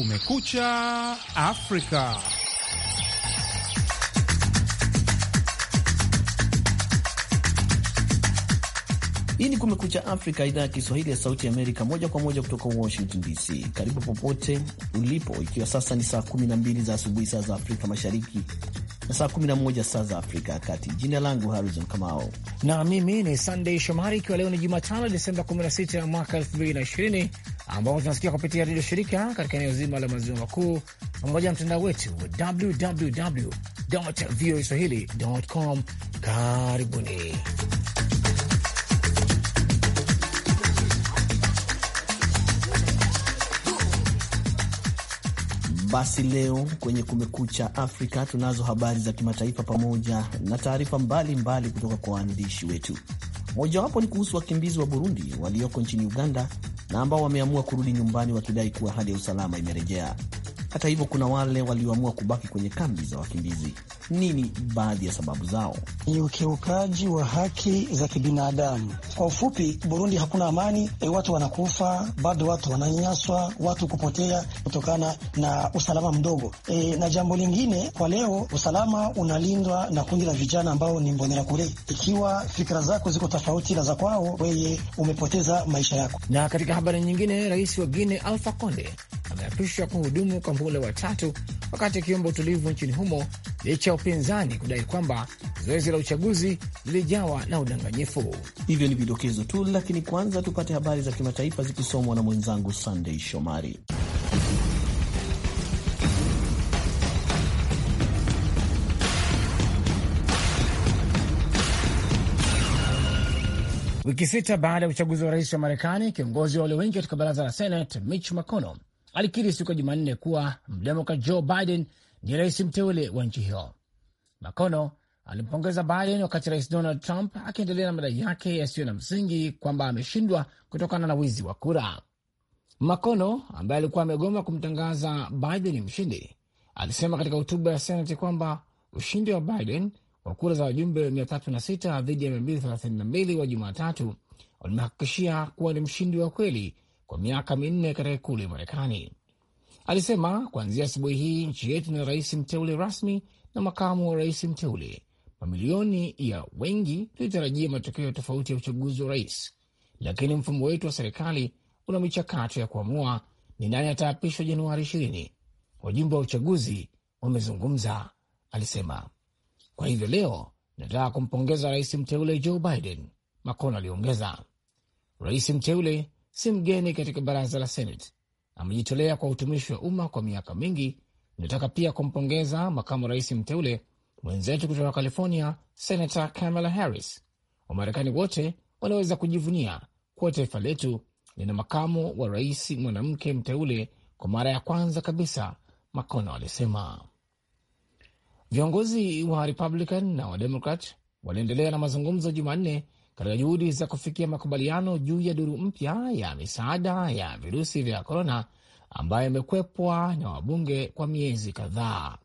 Kumekucha Afrika. Hii ni Kumekucha Afrika, idhaa ya Kiswahili ya Sauti ya Amerika, moja kwa moja kutoka Washington DC. Karibu popote ulipo, ikiwa sasa ni saa 12 za asubuhi saa za Afrika Mashariki na saa 11 saa za Afrika ya Kati. Jina langu Harrison Kamao na mimi ni sandey Shomari, ikiwa leo ni Jumatano Desemba 16 mwaka 2020 ambao tunasikia kupitia redio shirika katika eneo zima la maziwa makuu pamoja na mtandao wetu wa www voa swahili com. Karibuni. Basi leo kwenye Kumekucha Afrika tunazo habari za kimataifa pamoja na taarifa mbalimbali kutoka kwa waandishi wetu. Mojawapo ni kuhusu wakimbizi wa Burundi walioko nchini Uganda na ambao wameamua kurudi nyumbani wakidai kuwa hali ya usalama imerejea. Hata hivyo, kuna wale walioamua kubaki kwenye kambi za wakimbizi nini baadhi ya sababu zao. Ni ukiukaji wa haki za kibinadamu. Kwa ufupi, Burundi hakuna amani, e, watu wanakufa bado, watu wananyanyaswa, watu kupotea kutokana na usalama mdogo. E, na jambo lingine kwa leo, usalama unalindwa na kundi la vijana ambao ni kule Ikiwa fikra zako ziko tofauti na za kwao, weye umepoteza maisha yako. Na katika habari nyingine, rais wa Guine Alfa Conde ameapishwa kuhudumu kwa mhula wa tatu, wakati akiomba utulivu nchini humo licha upinzani kudai kwamba zoezi la uchaguzi lilijawa na udanganyifu. Hivyo ni vidokezo tu, lakini kwanza tupate habari za kimataifa zikisomwa na mwenzangu sandey Shomari. Wiki sita baada ya uchaguzi wa rais wa Marekani, kiongozi wa walio wengi katika baraza la Senate Mitch McConnell alikiri siku ya Jumanne kuwa mdemokrat Joe Biden ni rais mteule wa nchi hiyo. Makono alimpongeza Biden wakati Rais Donald Trump akiendelea na madai yake yasiyo na msingi kwamba ameshindwa kutokana na wizi wa kura. Makono ambaye alikuwa amegoma kumtangaza Biden mshindi alisema katika hotuba ya Senati kwamba ushindi wa Biden wa kura za wajumbe 306 dhidi ya 232 wa Jumatatu ulimehakikishia kuwa ni mshindi wa kweli kwa miaka minne katika ikulu ya Marekani. Alisema kuanzia asubuhi hii nchi yetu na rais mteule rasmi na makamu wa rais mteule, mamilioni ya wengi tulitarajia matokeo tofauti ya uchaguzi wa rais, lakini mfumo wetu wa serikali una michakato ya kuamua ni nani ataapishwa Januari ishirini. Wajumbe wa uchaguzi wamezungumza, alisema. Kwa hivyo leo nataka kumpongeza rais mteule Joe Biden, Macron aliongeza. Rais mteule si mgeni katika baraza la Senate, amejitolea kwa utumishi wa umma kwa miaka mingi Nataka pia kumpongeza makamu rais mteule mwenzetu kutoka California, Senata Kamala Harris. Wamarekani wote wanaweza kujivunia kuwa taifa letu lina makamu wa rais mwanamke mteule kwa mara ya kwanza kabisa, Makono alisema. Viongozi wa Republican na Wademokrat waliendelea na mazungumzo Jumanne katika juhudi za kufikia makubaliano juu ya duru mpya ya misaada ya virusi vya korona ambayo imekwepwa na wabunge kwa miezi kadhaa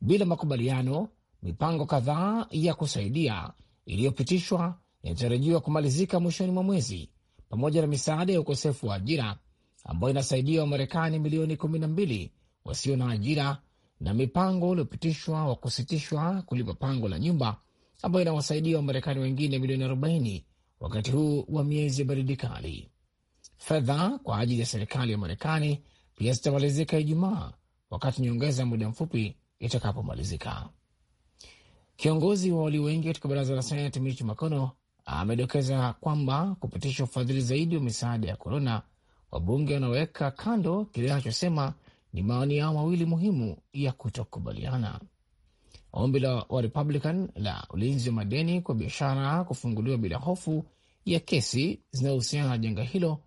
bila makubaliano. Mipango kadhaa ya kusaidia iliyopitishwa inatarajiwa kumalizika mwishoni mwa mwezi, pamoja na misaada ya ukosefu wa ajira ambayo inasaidia Wamarekani milioni 12 wasio na ajira na mipango uliopitishwa wa kusitishwa kulipa pango la nyumba ambayo inawasaidia Wamarekani wengine milioni 40 wakati huu wa miezi ya baridi kali. Fedha kwa ajili ya serikali ya Marekani pia zitamalizika Ijumaa, wakati nyongeza ya muda mfupi itakapomalizika. Kiongozi wa walio wengi katika baraza la Senati Mitch McConnell amedokeza kwamba kupitisha ufadhili zaidi wa misaada ya korona, wabunge wanaweka kando kile anachosema ni maoni yao mawili muhimu ya kutokubaliana: ombi la Warepublican la ulinzi wa madeni kwa biashara kufunguliwa bila hofu ya kesi zinazohusiana na janga hilo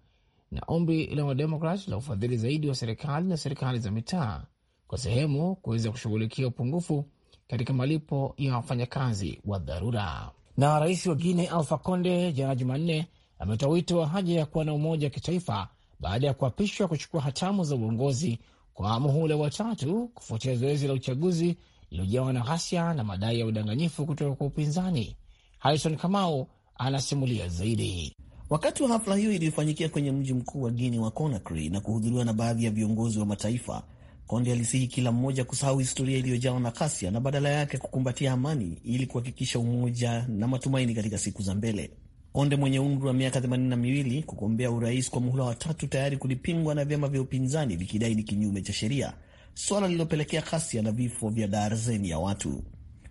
na ombi la Wademokrat la ufadhili zaidi wa serikali na serikali za mitaa kwa sehemu kuweza kushughulikia upungufu katika malipo ya wafanyakazi wa dharura. Na rais wa guine Alfa Conde jana Jumanne ametoa wito wa haja ya kuwa na umoja wa kitaifa baada ya kuapishwa kuchukua hatamu za uongozi kwa muhula watatu kufuatia zoezi la uchaguzi lililojawa na ghasia na madai ya udanganyifu kutoka kwa upinzani. Harison Kamau anasimulia zaidi. Wakati wa hafla hiyo iliyofanyikia kwenye mji mkuu wa Guinea wa Conakry na kuhudhuriwa na baadhi ya viongozi wa mataifa, Konde alisihi kila mmoja kusahau historia iliyojawa na ghasia na badala yake kukumbatia amani ili kuhakikisha umoja na matumaini katika siku za mbele. Konde mwenye umri wa miaka themanini na miwili kugombea urais kwa muhula wa tatu tayari kulipingwa na vyama vya upinzani vikidai ni kinyume cha sheria, suala lililopelekea ghasia na vifo vya darzeni ya watu.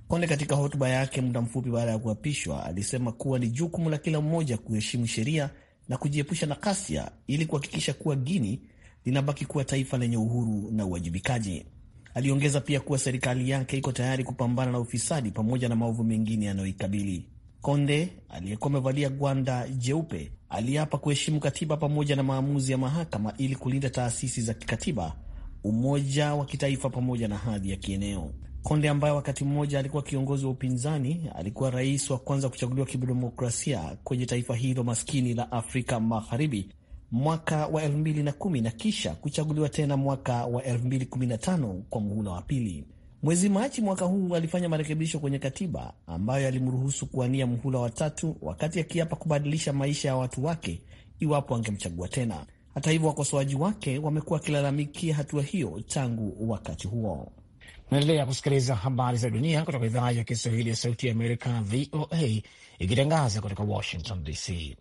Konde katika hotuba yake muda mfupi baada ya kuapishwa alisema kuwa ni jukumu la kila mmoja kuheshimu sheria na kujiepusha na ghasia ili kuhakikisha kuwa Guini linabaki kuwa taifa lenye uhuru na uwajibikaji. Aliongeza pia kuwa serikali yake iko tayari kupambana na ufisadi pamoja na maovu mengine yanayoikabili. Konde aliyekuwa amevalia gwanda jeupe aliapa kuheshimu katiba pamoja na maamuzi ya mahakama ili kulinda taasisi za kikatiba, umoja wa kitaifa pamoja na hadhi ya kieneo. Konde ambaye wakati mmoja alikuwa kiongozi wa upinzani alikuwa rais wa kwanza kuchaguliwa kidemokrasia kwenye taifa hilo maskini la Afrika Magharibi mwaka wa 2010 na kisha kuchaguliwa tena mwaka wa 2015 kwa muhula wa pili. Mwezi Machi mwaka huu alifanya marekebisho kwenye katiba ambayo alimruhusu kuwania muhula wa tatu, wakati akiapa kubadilisha maisha ya watu wake iwapo angemchagua tena. Hata hivyo, wakosoaji wake wamekuwa wakilalamikia hatua hiyo tangu wakati huo. Naendelea kusikiliza habari za dunia kutoka idhaa ya Kiswahili ya Sauti ya Amerika, VOA, ikitangaza kutoka Washington DC.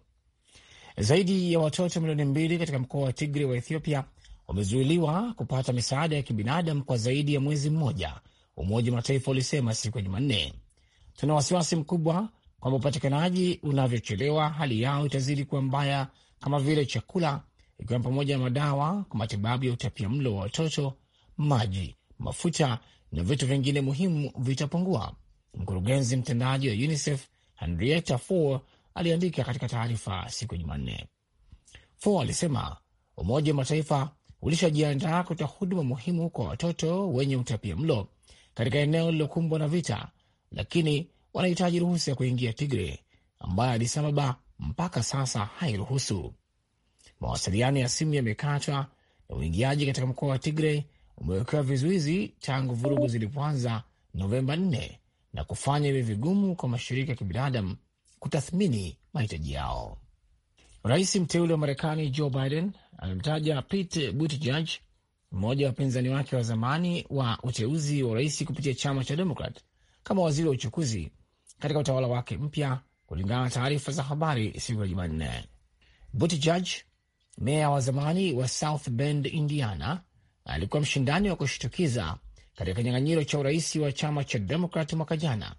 Zaidi ya watoto milioni mbili katika mkoa wa Tigre wa Ethiopia wamezuiliwa kupata misaada ya kibinadamu kwa zaidi ya mwezi mmoja, Umoja wa Mataifa ulisema siku ya Jumanne. Tuna wasiwasi mkubwa kwamba upatikanaji unavyochelewa, hali yao itazidi kuwa mbaya, kama vile chakula, ikiwa pamoja na madawa kwa matibabu ya utapia mlo wa watoto, maji, mafuta na vitu vingine muhimu vitapungua, mkurugenzi mtendaji wa UNICEF Henrietta Fore aliandika katika taarifa siku ya Jumanne. Fore alisema Umoja wa Mataifa ulishajiandaa kutoa huduma muhimu kwa watoto wenye utapia mlo katika eneo lililokumbwa na vita, lakini wanahitaji ruhusa ya kuingia Tigre ambayo Addis Ababa mpaka sasa hairuhusu. Mawasiliano ya simu yamekatwa na uingiaji katika mkoa wa Tigrey umewekewa vizuizi tangu vurugu zilipoanza Novemba 4 na kufanya iwe vigumu kwa mashirika ya kibinadamu kutathmini mahitaji yao. Rais mteule wa Marekani Joe Biden amemtaja Pete Buttigieg, mmoja wa wapinzani wake wa zamani wa uteuzi wa urais kupitia chama cha Demokrat, kama waziri wa uchukuzi katika utawala wake mpya, kulingana na taarifa za habari siku ya Jumanne. Buttigieg, meya wa zamani wa South Bend, Indiana, alikuwa mshindani wa kushtukiza katika kinyang'anyiro cha urais wa chama cha Demokrat mwaka jana.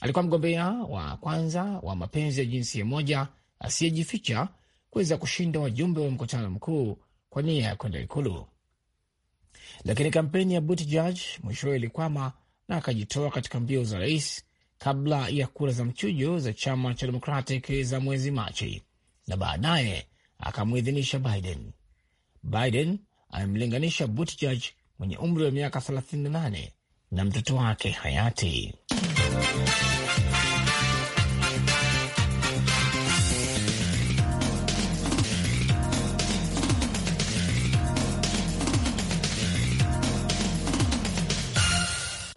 Alikuwa mgombea wa kwanza wa mapenzi ya jinsia moja asiyejificha kuweza kushinda wajumbe wa mkutano mkuu kwa nia ya kwenda Ikulu, lakini kampeni ya Buttigieg mwishowe ilikwama na akajitoa katika mbio za rais kabla ya kura za mchujo za chama cha Democratic za mwezi Machi, na baadaye akamwidhinisha Biden. Biden amemlinganisha Buttigieg mwenye umri wa miaka 38 na mtoto wake hayati.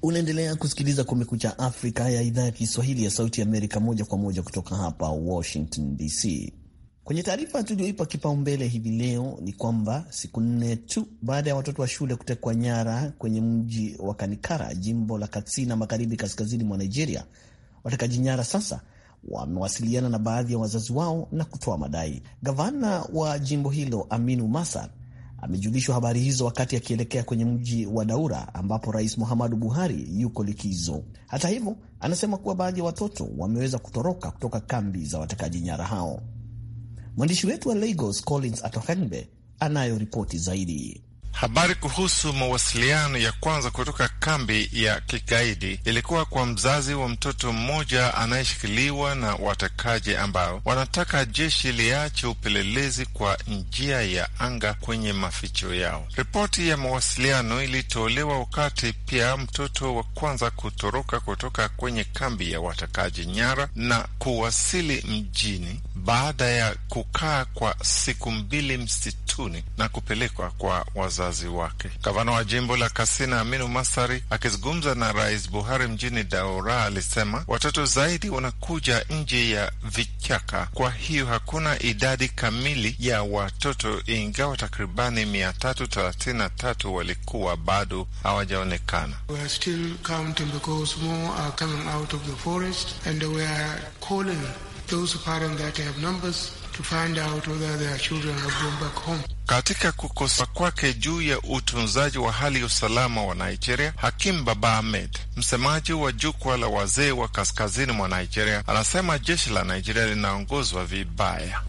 Unaendelea kusikiliza Kumekucha Afrika ya idhaa ya Kiswahili ya Sauti ya Amerika, moja kwa moja kutoka hapa Washington DC. Kwenye taarifa tulioipa kipaumbele hivi leo ni kwamba siku nne tu baada ya watoto wa shule kutekwa nyara kwenye mji wa Kanikara, jimbo la Katsina magharibi, kaskazini mwa Nigeria, watekaji nyara sasa wamewasiliana na baadhi ya wazazi wao na kutoa madai. Gavana wa jimbo hilo Aminu Masar amejulishwa habari hizo wakati akielekea kwenye mji wa Daura ambapo Rais Muhammadu Buhari yuko likizo. Hata hivyo, anasema kuwa baadhi ya watoto wameweza kutoroka kutoka kambi za watekaji nyara hao. Mwandishi wetu wa Lagos Collins Atohengbe anayo ripoti zaidi. Habari kuhusu mawasiliano ya kwanza kutoka kambi ya kigaidi ilikuwa kwa mzazi wa mtoto mmoja anayeshikiliwa na watekaji ambao wanataka jeshi liache upelelezi kwa njia ya anga kwenye maficho yao. Ripoti ya mawasiliano ilitolewa wakati pia mtoto wa kwanza kutoroka kutoka kwenye kambi ya watekaji nyara na kuwasili mjini baada ya kukaa kwa siku mbili msituni na kupelekwa kwa wazazi wazazi wake. Gavana wa jimbo la Kasina Aminu Masari akizungumza na Rais Buhari mjini Daura alisema watoto zaidi wanakuja nje ya vichaka, kwa hiyo hakuna idadi kamili ya watoto, ingawa takribani mia tatu thelathini na tatu walikuwa bado hawajaonekana. Uh, those that have numbers to find out whether their children have gone back home. Katika kukosa kwake juu ya utunzaji wa hali ya usalama wa Nigeria, Hakim Baba Ahmed, msemaji wa jukwaa la wazee wa kaskazini mwa Nigeria, anasema jeshi la Nigeria linaongozwa vibaya.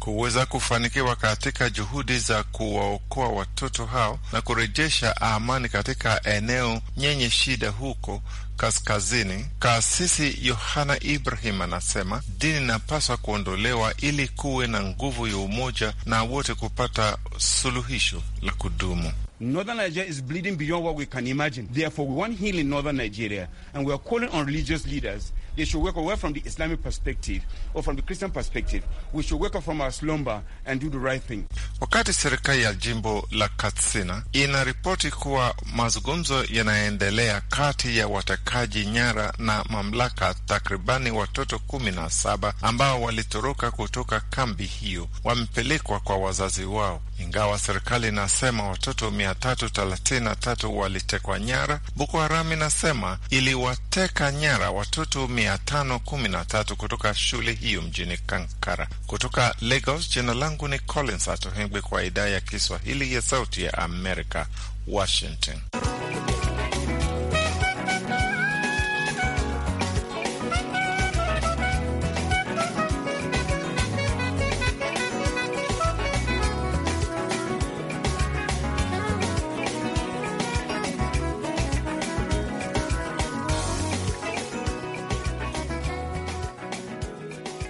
Kuweza kufanikiwa katika juhudi za kuwaokoa watoto hao na kurejesha amani katika eneo nyenye shida huko huko kaskazini. Kaasisi Yohana Ibrahim anasema dini inapaswa kuondolewa ili kuwe na nguvu ya umoja na wote kupata suluhisho la kudumu. Northern Nigeria is bleeding beyond what we can imagine. Therefore, we want healing in Northern Nigeria and we are calling on religious leaders They should wake up from the Islamic perspective or from the Christian perspective. We should wake up from our slumber and do the right thing. Wakati serikali ya jimbo la Katsina inaripoti kuwa mazungumzo yanaendelea kati ya watekaji nyara na mamlaka, takribani watoto kumi na saba ambao walitoroka kutoka kambi hiyo wamepelekwa kwa wazazi wao. Ingawa serikali inasema watoto 333 walitekwa nyara, Boko Haram inasema iliwateka nyara watoto 513 kutoka shule hiyo mjini Kankara. Kutoka Lagos, jina langu ni Collins Atohengwi kwa idhaa ya Kiswahili ya Sauti ya Amerika, Washington.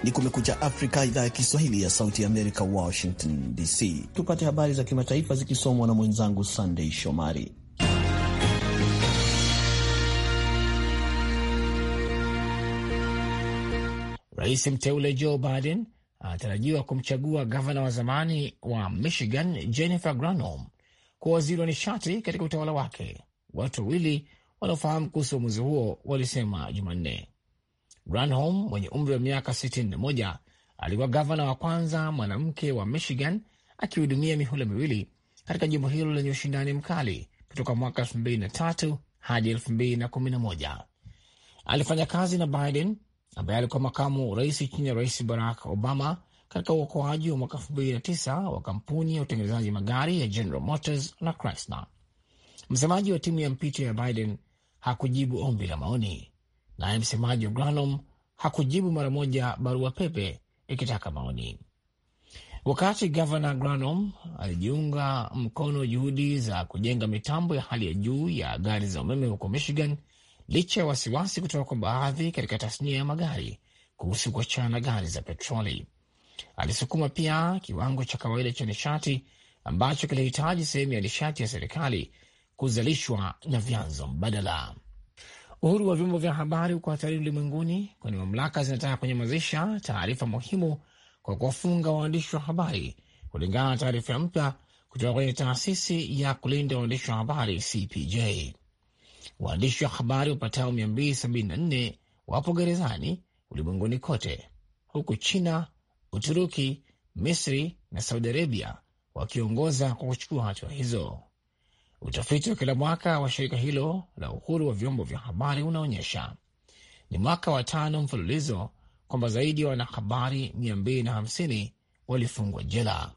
Ni Kumekucha Afrika, idhaa ya Kiswahili ya Sauti ya Amerika, Washington DC. Tupate habari za kimataifa zikisomwa na mwenzangu Sandei Shomari. Rais mteule Joe Biden anatarajiwa kumchagua gavana wa zamani wa Michigan Jennifer Granholm kuwa waziri wa nishati katika utawala wake, watu wawili wanaofahamu kuhusu uamuzi huo walisema Jumanne. Granholm mwenye umri wa miaka 61 alikuwa gavana wa kwanza mwanamke wa Michigan, akihudumia mihula miwili katika jimbo hilo lenye ushindani mkali kutoka mwaka 2003 hadi 2011. Alifanya kazi na Biden ambaye alikuwa makamu rais chini ya rais Barack Obama katika uokoaji wa mwaka 2009 wa kampuni ya utengenezaji magari ya General Motors na Chrysler. Msemaji wa timu ya mpito ya Biden hakujibu ombi la maoni naye msemaji wa Granholm hakujibu mara moja barua pepe ikitaka maoni. Wakati gavana granom alijiunga mkono juhudi za kujenga mitambo ya hali ya juu ya gari za umeme huko Michigan, licha ya wasiwasi kutoka kwa baadhi katika tasnia ya magari kuhusu kuachana na gari za petroli, alisukuma pia kiwango cha kawaida cha nishati ambacho kilihitaji sehemu ya nishati ya serikali kuzalishwa na vyanzo mbadala. Uhuru wa vyombo vya habari uko hatarini ulimwenguni, kwani mamlaka zinataka kunyamazisha taarifa muhimu kwa kuwafunga waandishi wa habari, kulingana na taarifa mpya kutoka kwenye taasisi ya kulinda waandishi wa habari CPJ. Waandishi wa habari wapatao 274 wapo gerezani ulimwenguni kote, huku China, Uturuki, Misri na Saudi Arabia wakiongoza kwa kuchukua hatua hizo. Utafiti wa kila mwaka wa shirika hilo la uhuru wa vyombo vya habari unaonyesha ni mwaka wa tano mfululizo kwamba zaidi ya wanahabari 250 walifungwa jela.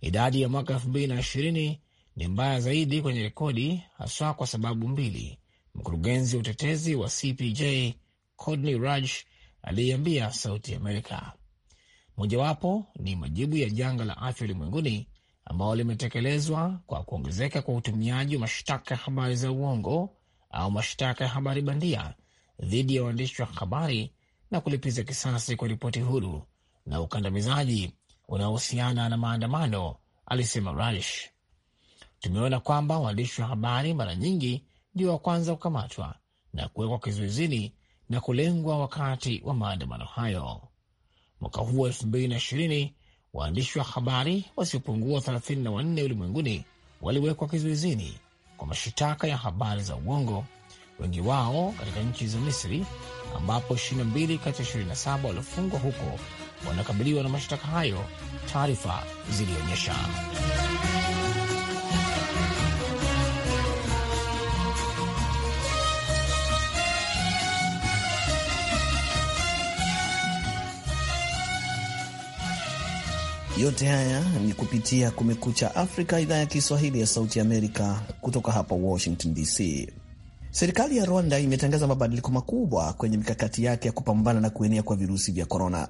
Idadi ya mwaka 2020 ni mbaya zaidi kwenye rekodi, haswa kwa sababu mbili. Mkurugenzi wa utetezi wa CPJ Courtney Radge aliyeambia Sauti Amerika mojawapo ni majibu ya janga la afya ulimwenguni ambalo limetekelezwa kwa kuongezeka kwa utumiaji wa mashtaka ya habari za uongo au mashtaka ya habari bandia dhidi ya waandishi wa habari na kulipiza kisasi kwa ripoti huru na ukandamizaji unaohusiana na maandamano, alisema raish Tumeona kwamba waandishi wa habari mara nyingi ndio wa kwanza kukamatwa na kuwekwa kizuizini na kulengwa wakati wa maandamano hayo. Mwaka huu elfu mbili na ishirini waandishi wa habari wasiopungua 34 ulimwenguni waliwekwa kizuizini kwa mashitaka ya habari za uongo, wengi wao katika nchi za Misri, ambapo 22 kati ya 27 waliofungwa huko wanakabiliwa na mashtaka hayo, taarifa zilionyesha. Yote haya ni kupitia Kumekucha Afrika, idhaa ya Kiswahili ya Sauti Amerika, kutoka hapa Washington DC. Serikali ya Rwanda imetangaza mabadiliko makubwa kwenye mikakati yake ya kupambana na kuenea kwa virusi vya korona.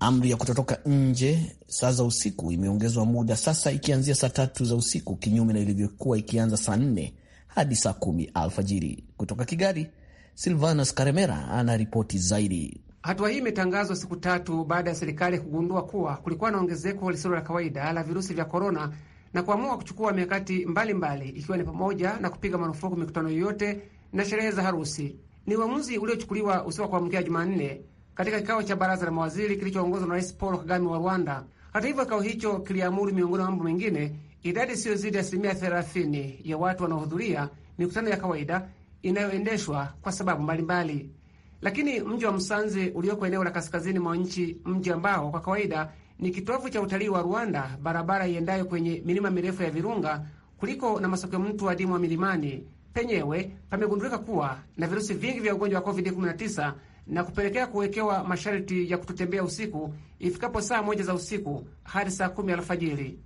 Amri ya kutotoka nje saa za usiku imeongezwa muda sasa, ikianzia saa tatu za usiku, kinyume na ilivyokuwa ikianza saa nne hadi saa kumi alfajiri. Kutoka Kigali, Silvanus Karemera ana ripoti zaidi. Hatua hii imetangazwa siku tatu baada ya serikali kugundua kuwa kulikuwa na ongezeko lisilo la kawaida la virusi vya korona na kuamua kuchukua mikakati mbalimbali ikiwa ni pamoja na kupiga marufuku mikutano yoyote na sherehe za harusi. Ni uamuzi uliochukuliwa usiku wa kuamkia Jumanne katika kikao cha baraza la mawaziri kilichoongozwa na Rais Paul Kagame wa Rwanda. Hata hivyo, kikao hicho kiliamuru, miongoni mwa mambo mengine, idadi isiyozidi asilimia thelathini ya watu wanaohudhuria mikutano ya kawaida inayoendeshwa kwa sababu mbalimbali mbali. Lakini mji wa msanze ulioko eneo la kaskazini mwa nchi, mji ambao kwa kawaida ni kitovu cha utalii wa Rwanda, barabara iendayo kwenye milima mirefu ya Virunga kuliko na masoko mtu adimu wa milimani, penyewe pamegundulika kuwa na virusi vingi vya ugonjwa wa COVID-19 na kupelekea kuwekewa masharti ya kutotembea usiku ifikapo saa moja za usiku hadi saa kumi alfajiri.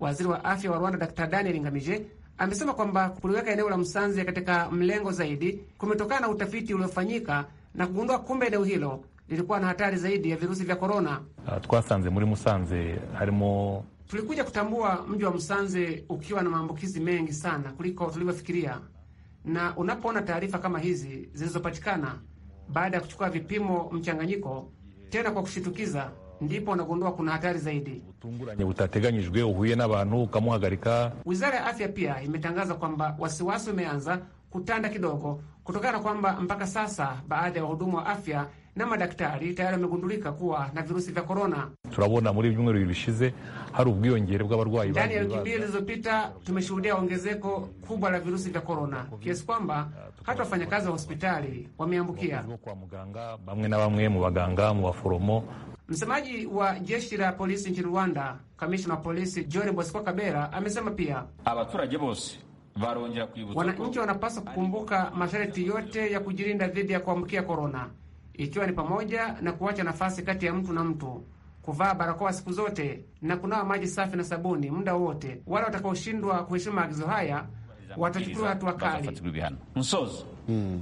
Waziri wa afya wa Rwanda Dr Daniel Ngamije amesema kwamba kuliweka eneo la Msanze katika mlengo zaidi kumetokana na utafiti uliofanyika na kugundua kumbe eneo hilo lilikuwa na hatari zaidi ya virusi vya korona. Ah, twasanze muri musanze harimo tulikuja kutambua mji wa Msanze ukiwa na maambukizi mengi sana kuliko tulivyofikiria, na unapoona taarifa kama hizi zilizopatikana baada ya kuchukua vipimo mchanganyiko tena kwa kushitukiza, ndipo unagundua kuna hatari zaidi. Wizara ya afya pia imetangaza kwamba wasiwasi umeanza kutanda kidogo kutokana na kwamba mpaka sasa baadhi ya wahudumu wa afya na madaktari tayari wamegundulika kuwa na virusi vya korona. turabona muri byumweru bishize hari ubwiyongere bw'abarwayi. Ndani ya wiki mbili zilizopita tumeshuhudia ongezeko kubwa la virusi vya korona kiasi kwamba hata wafanyakazi wa hospitali wameambukia. bamwe na bamwe mu baganga mu baforomo. Msemaji wa jeshi la polisi nchini Rwanda, kamishna wa polisi John Bosco Kabera amesema pia abaturage bose Wananchi wanapaswa kukumbuka masharti yote ya kujilinda dhidi ya kuambukia korona, ikiwa ni pamoja na kuacha nafasi kati ya mtu na mtu, kuvaa barakoa siku zote na kunawa maji safi na sabuni muda wote. Wale watakaoshindwa kuheshimu maagizo haya watachukuliwa hatua kali. Hmm.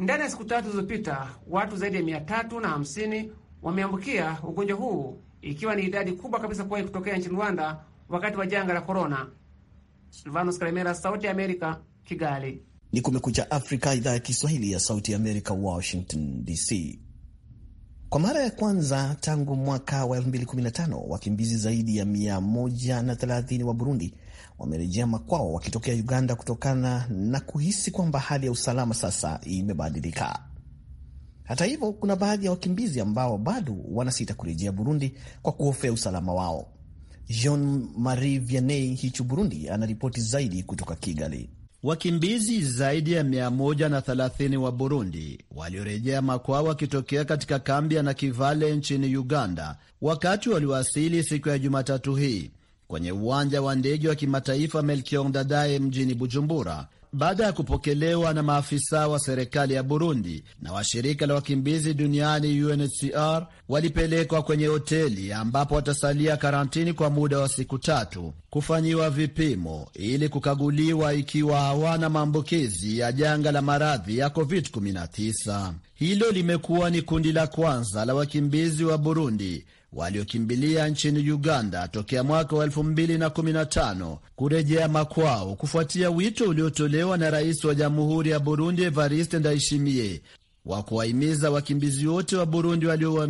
Ndani ya siku tatu zilizopita watu zaidi ya mia tatu na hamsini wameambukia ugonjwa huu, ikiwa ni idadi kubwa kabisa kuwahi kutokea nchini Rwanda wakati wa janga la korona. Silvanos Kalemera, Sauti ya Amerika, Kigali. Ni Kumekucha Afrika, idhaa ya Kiswahili ya Sauti ya Amerika, Washington DC. Kwa mara ya kwanza tangu mwaka wa 2015 wakimbizi zaidi ya 130 wa Burundi wamerejea makwao wakitokea Uganda kutokana na kuhisi kwamba hali ya usalama sasa imebadilika. Hata hivyo, kuna baadhi ya wakimbizi ambao bado wanasita kurejea Burundi kwa kuhofia usalama wao. Jean Marie Vianney Hichu, Burundi, anaripoti zaidi kutoka Kigali. Wakimbizi zaidi ya 130 wa Burundi waliorejea makwao wakitokea katika kambi ya Nakivale nchini Uganda, wakati waliwasili siku ya Jumatatu hii kwenye uwanja wa ndege wa kimataifa Melchior Ndadaye mjini Bujumbura baada ya kupokelewa na maafisa wa serikali ya Burundi na washirika la wakimbizi duniani UNHCR, walipelekwa kwenye hoteli ambapo watasalia karantini kwa muda wa siku tatu kufanyiwa vipimo ili kukaguliwa ikiwa hawana maambukizi ya janga la maradhi ya COVID-19. Hilo limekuwa ni kundi la kwanza la wakimbizi wa Burundi waliokimbilia nchini Uganda tokea mwaka wa 2015 kurejea makwao kufuatia wito uliotolewa na rais wa jamhuri ya Burundi Evariste Ndayishimiye wa kuwahimiza wakimbizi wote wa Burundi walio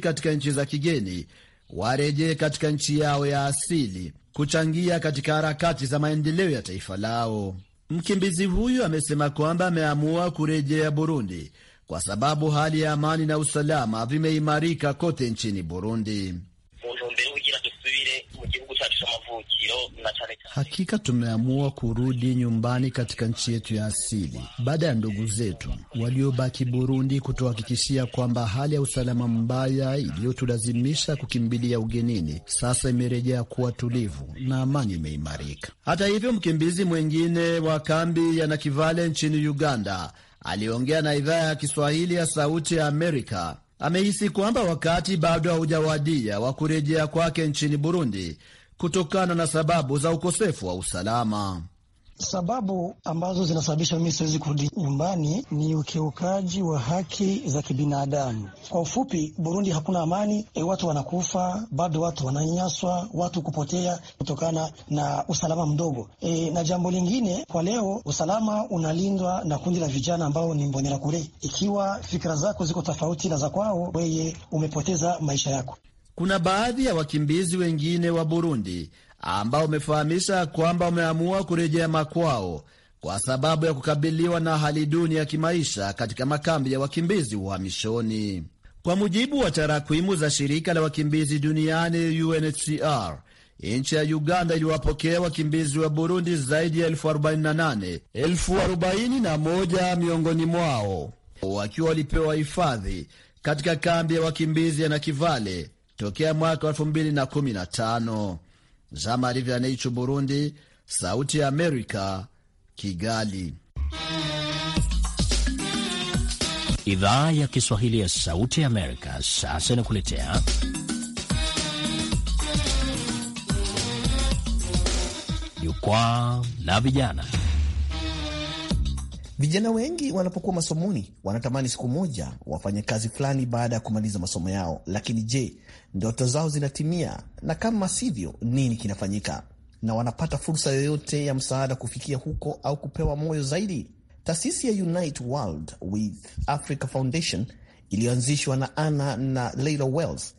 katika nchi za kigeni warejee katika nchi yao ya asili kuchangia katika harakati za maendeleo ya taifa lao. Mkimbizi huyu amesema kwamba ameamua kurejea Burundi kwa sababu hali ya amani na usalama vimeimarika kote nchini Burundi. Hakika tumeamua kurudi nyumbani katika nchi yetu ya asili baada ya ndugu zetu waliobaki Burundi kutuhakikishia kwamba hali ya usalama mbaya iliyotulazimisha kukimbilia ugenini sasa imerejea kuwa tulivu na amani imeimarika. Hata hivyo, mkimbizi mwengine wa kambi ya Nakivale nchini Uganda aliongea na idhaa ya Kiswahili ya Sauti ya Amerika amehisi kwamba wakati bado haujawadia wa kurejea kwake nchini Burundi kutokana na sababu za ukosefu wa usalama. Sababu ambazo zinasababisha mimi siwezi kurudi nyumbani ni ukiukaji wa haki za kibinadamu. Kwa ufupi, Burundi hakuna amani e, watu wanakufa bado, watu wananyanyaswa, watu kupotea kutokana na usalama mdogo e, na jambo lingine kwa leo, usalama unalindwa na kundi la vijana ambao ni Mbonerakure. Ikiwa fikira zako ziko tofauti na za kwao, weye umepoteza maisha yako. Kuna baadhi ya wakimbizi wengine wa Burundi ambao umefahamisha kwamba umeamua kurejea makwao kwa sababu ya kukabiliwa na hali duni ya kimaisha katika makambi ya wakimbizi uhamishoni. Kwa mujibu wa tarakwimu za shirika la wakimbizi duniani UNHCR, nchi ya Uganda iliwapokea wakimbizi wa Burundi zaidi ya elfu arobaini na nane, elfu arobaini na moja miongoni mwao wakiwa walipewa hifadhi katika kambi ya wakimbizi ya Nakivale tokea mwaka wa elfu mbili na kumi na tano. Jean-Marie Vianney Burundi, Sauti ya Amerika, Kigali. Idhaa ya Kiswahili ya Sauti ya Amerika sasa inakuletea jukwaa la vijana. Vijana wengi wanapokuwa masomoni wanatamani siku moja wafanye kazi fulani baada ya kumaliza masomo yao, lakini je, ndoto zao zinatimia? Na kama sivyo, nini kinafanyika? Na wanapata fursa yoyote ya msaada kufikia huko au kupewa moyo zaidi? Taasisi ya Unite World with Africa Foundation iliyoanzishwa na Anna na Leila Wells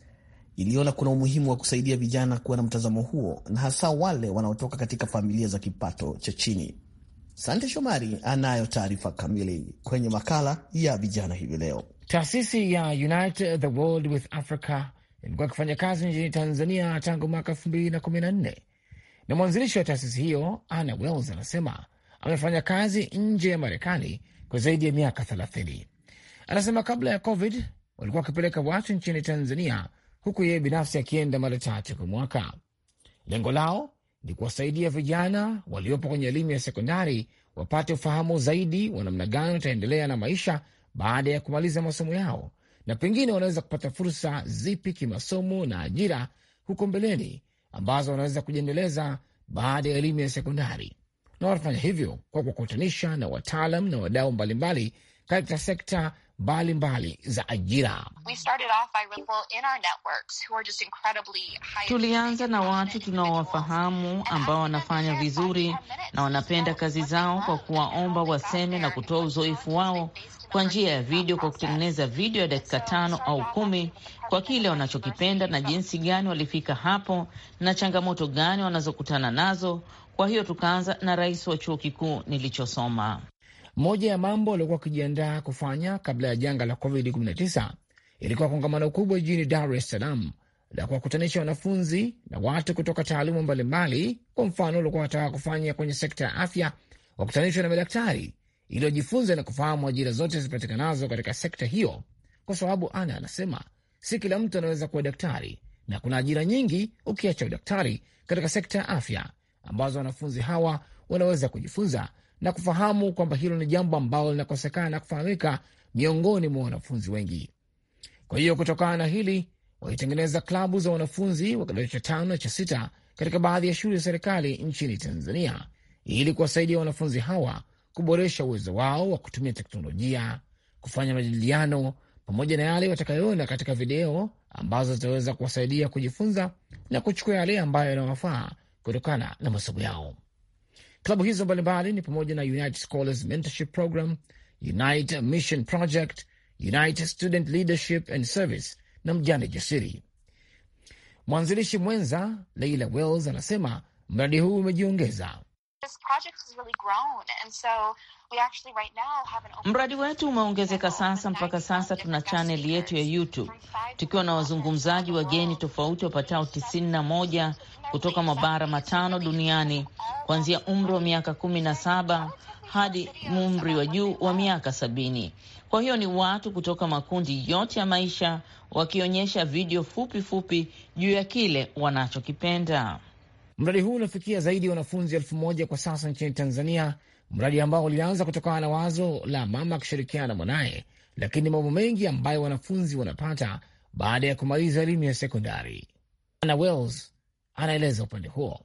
iliona kuna umuhimu wa kusaidia vijana kuwa na mtazamo huo, na hasa wale wanaotoka katika familia za kipato cha chini. Sande Shomari anayo taarifa kamili kwenye makala ya vijana hivi leo. Taasisi ya Unite the World with Africa imekuwa ikifanya kazi nchini Tanzania tangu mwaka elfu mbili na kumi na nne na mwanzilishi wa taasisi hiyo Anna Wells anasema amefanya kazi nje ya Marekani kwa zaidi ya miaka thelathini. Anasema kabla ya COVID walikuwa wakipeleka watu nchini Tanzania, huku yeye binafsi akienda mara tatu kwa mwaka. Lengo lao ni kuwasaidia vijana waliopo kwenye elimu ya sekondari wapate ufahamu zaidi wa namna gani wataendelea na maisha baada ya kumaliza masomo yao, na pengine wanaweza kupata fursa zipi kimasomo na ajira huko mbeleni ambazo wanaweza kujiendeleza baada ya elimu ya sekondari. Na wanafanya hivyo kwa kuwakutanisha na wataalam na wadau mbalimbali katika sekta mbalimbali za ajira. Tulianza na watu tunaowafahamu ambao wanafanya vizuri na wanapenda kazi zao, kwa kuwaomba waseme na kutoa uzoefu wao kwa njia ya video, kwa kutengeneza video ya dakika tano au kumi kwa kile wanachokipenda na jinsi gani walifika hapo na changamoto gani wanazokutana nazo. Kwa hiyo tukaanza na rais wa chuo kikuu nilichosoma moja ya mambo aliokuwa akijiandaa kufanya kabla ya janga la COVID-19 ilikuwa kongamano kubwa jijini Dar es Salaam la kuwakutanisha wanafunzi na watu kutoka taaluma mbalimbali. Kwa mfano, walikuwa wanataka kufanya kwenye sekta ya afya, wakutanishwa na madaktari ili wajifunze na kufahamu ajira zote zipatikanazo katika sekta hiyo, kwa sababu Ana anasema si kila mtu anaweza kuwa daktari na kuna ajira nyingi ukiacha udaktari katika sekta ya afya ambazo wanafunzi hawa wanaweza kujifunza na kufahamu kwamba hilo ni jambo ambalo linakosekana kufahamika miongoni mwa wanafunzi wengi. Kwa hiyo kutokana na hili walitengeneza klabu za wanafunzi wa kidato cha tano na cha sita katika baadhi ya shule za serikali nchini Tanzania ili kuwasaidia wanafunzi hawa kuboresha uwezo wao wa kutumia teknolojia, kufanya majadiliano pamoja na yale watakayoona katika video ambazo zitaweza kuwasaidia kujifunza na kuchukua yale ambayo yanawafaa kutokana na masomo yao. Klabu hizo mbalimbali ni pamoja na Unite Scholars Mentorship Program, Unite Mission Project, Unite Student Leadership and Service na Mjane Jasiri. Mwanzilishi mwenza Leila Wells anasema mradi huu umejiongeza. This project has really grown and so Mradi wetu umeongezeka sasa, mpaka sasa tuna chaneli yetu ya YouTube tukiwa na wazungumzaji wageni tofauti wapatao tisini na moja kutoka mabara matano duniani kuanzia umri wa miaka kumi na saba hadi umri wa juu wa miaka sabini. Kwa hiyo ni watu kutoka makundi yote ya maisha wakionyesha video fupi fupi juu ya kile wanachokipenda. Mradi huu unafikia zaidi ya wanafunzi elfu moja kwa sasa nchini Tanzania mradi ambao ulianza kutokana na wazo la mama kushirikiana na mwanaye, lakini mambo mengi ambayo wanafunzi wanapata baada ya kumaliza elimu ya sekondari. Ana Wells anaeleza upande huo.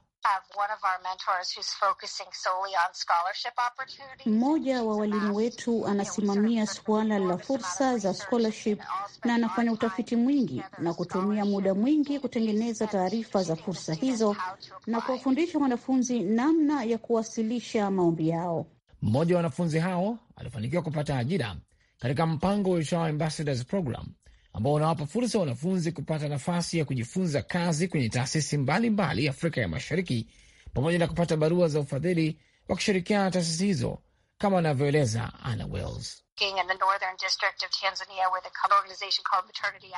Mmoja wa walimu wetu anasimamia suala la fursa za scholarship na anafanya utafiti mwingi na kutumia muda mwingi kutengeneza taarifa za fursa hizo na kuwafundisha wanafunzi namna ya kuwasilisha maombi yao. Mmoja wa wanafunzi hao alifanikiwa kupata ajira katika mpango wa Ambassadors Program ambao unawapa fursa wanafunzi kupata nafasi ya kujifunza kazi kwenye taasisi mbalimbali Afrika ya Mashariki, pamoja na kupata barua za ufadhili wakishirikiana na taasisi hizo, kama anavyoeleza Anna Wells.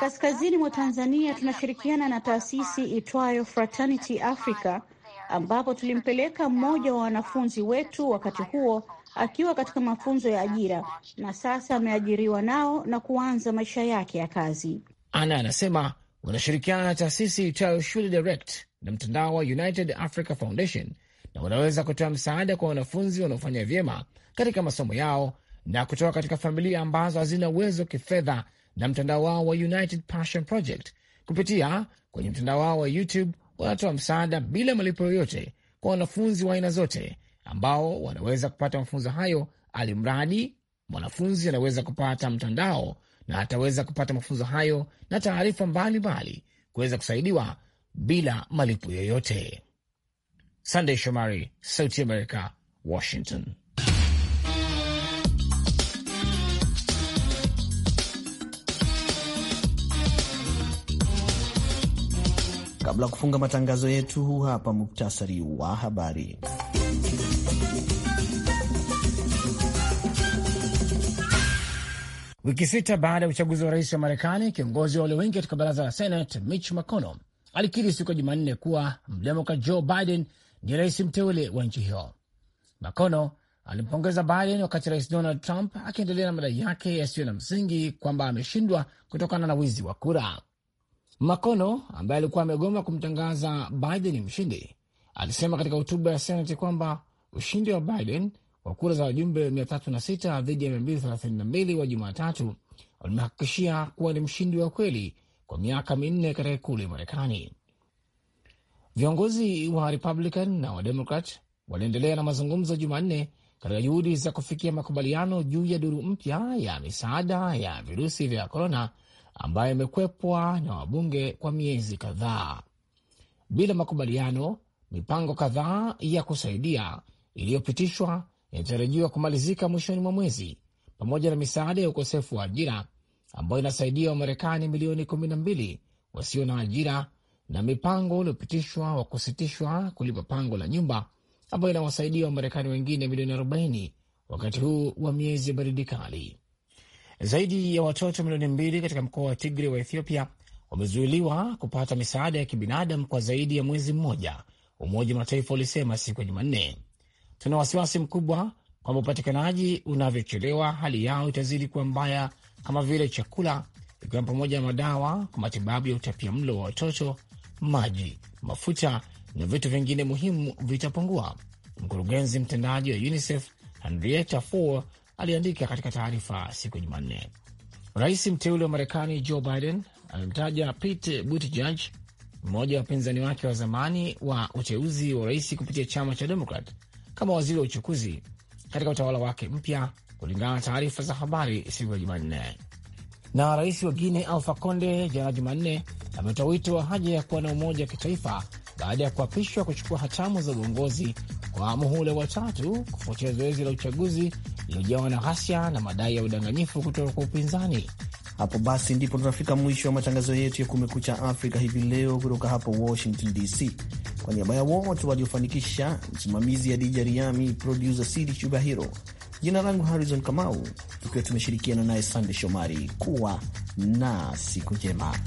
Kaskazini mwa Tanzania tunashirikiana na taasisi itwayo Fraternity Africa ambapo tulimpeleka mmoja wa wanafunzi wetu wakati huo akiwa katika mafunzo ya ajira na sasa ameajiriwa nao na kuanza maisha yake ya kazi. Ana anasema wanashirikiana na taasisi itayo Shule Direct na mtandao wa United Africa Foundation na wanaweza kutoa msaada kwa wanafunzi wanaofanya vyema katika masomo yao na kutoka katika familia ambazo hazina uwezo wa kifedha na mtandao wao wa United Passion Project. Kupitia kwenye mtandao wao wa YouTube wanatoa msaada bila malipo yoyote kwa wanafunzi wa aina zote ambao wanaweza kupata mafunzo hayo, alimradi mwanafunzi anaweza kupata mtandao na ataweza kupata mafunzo hayo na taarifa mbalimbali kuweza kusaidiwa bila malipo yoyote. Sandey Shomari, Sauti America, Washington. Kabla ya kufunga matangazo yetu, hapa muktasari wa habari. Wiki sita baada ya uchaguzi wa rais wa Marekani, kiongozi wa walio wengi katika baraza la Senate Mitch McConnell alikiri siku ya Jumanne kuwa mdemokrat Joe Biden ndiye rais mteule wa nchi hiyo. McConnell alimpongeza Biden wakati rais Donald Trump akiendelea na madai yake yasiyo na msingi kwamba ameshindwa kutokana na wizi wa kura. McConnell ambaye alikuwa amegoma kumtangaza Biden mshindi alisema katika hotuba ya Senate kwamba Ushindi wa Biden wa kura za wajumbe 306 dhidi ya 232 wa Jumatatu ulimhakikishia kuwa ni mshindi wa kweli kwa miaka minne katika ikulu ya Marekani. Viongozi wa Republican na Wademokrat waliendelea na mazungumzo Jumanne katika juhudi za kufikia makubaliano juu ya duru mpya ya misaada ya virusi vya korona ambayo imekwepwa na wabunge kwa miezi kadhaa bila makubaliano. Mipango kadhaa ya kusaidia iliyopitishwa inatarajiwa kumalizika mwishoni mwa mwezi, pamoja na misaada ya ukosefu wa ajira ambayo inasaidia Wamarekani milioni kumi na mbili wasio na ajira na mipango uliopitishwa wa kusitishwa kulipa pango la nyumba ambayo inawasaidia Wamarekani wengine milioni 40 wakati huu wa miezi ya baridi kali. Zaidi ya watoto milioni mbili katika mkoa wa Tigre wa Ethiopia wamezuiliwa kupata misaada ya kibinadamu kwa zaidi ya mwezi mmoja, Umoja wa Mataifa ulisema siku ya Jumanne. Tuna wasiwasi mkubwa kwamba upatikanaji unavyochelewa, hali yao itazidi kuwa mbaya, kama vile chakula, ikiwa pamoja na madawa kwa matibabu ya utapia mlo wa watoto, maji, mafuta na vitu vingine muhimu vitapungua. Mkurugenzi mtendaji wa UNICEF Henrietta Fore aliandika katika taarifa siku ya Jumanne. Rais mteule wa Marekani Joe Biden amemtaja Pete Buttigieg, mmoja wa wapinzani wake wa zamani wa uteuzi wa rais kupitia chama cha Demokrat kama waziri wa uchukuzi katika utawala wake mpya, kulingana na taarifa za habari siku ya Jumanne. Na rais wa Guine Alfa Conde jana Jumanne ametoa wito wa haja ya kuwa na umoja wa kitaifa baada ya kuapishwa kuchukua hatamu za uongozi kwa muhula watatu kufuatia zoezi la uchaguzi iliyojawa na ghasia na madai ya udanganyifu kutoka kwa upinzani. Hapo basi ndipo tunafika mwisho wa matangazo yetu ya Kumekucha Afrika hivi leo, kutoka hapo Washington DC. Kwa niaba ya wote waliofanikisha, msimamizi Adija Riami, produsa Sidi Chubahiro, jina langu Harrison Kamau, tukiwa tumeshirikiana naye Sande Shomari. Kuwa na siku njema.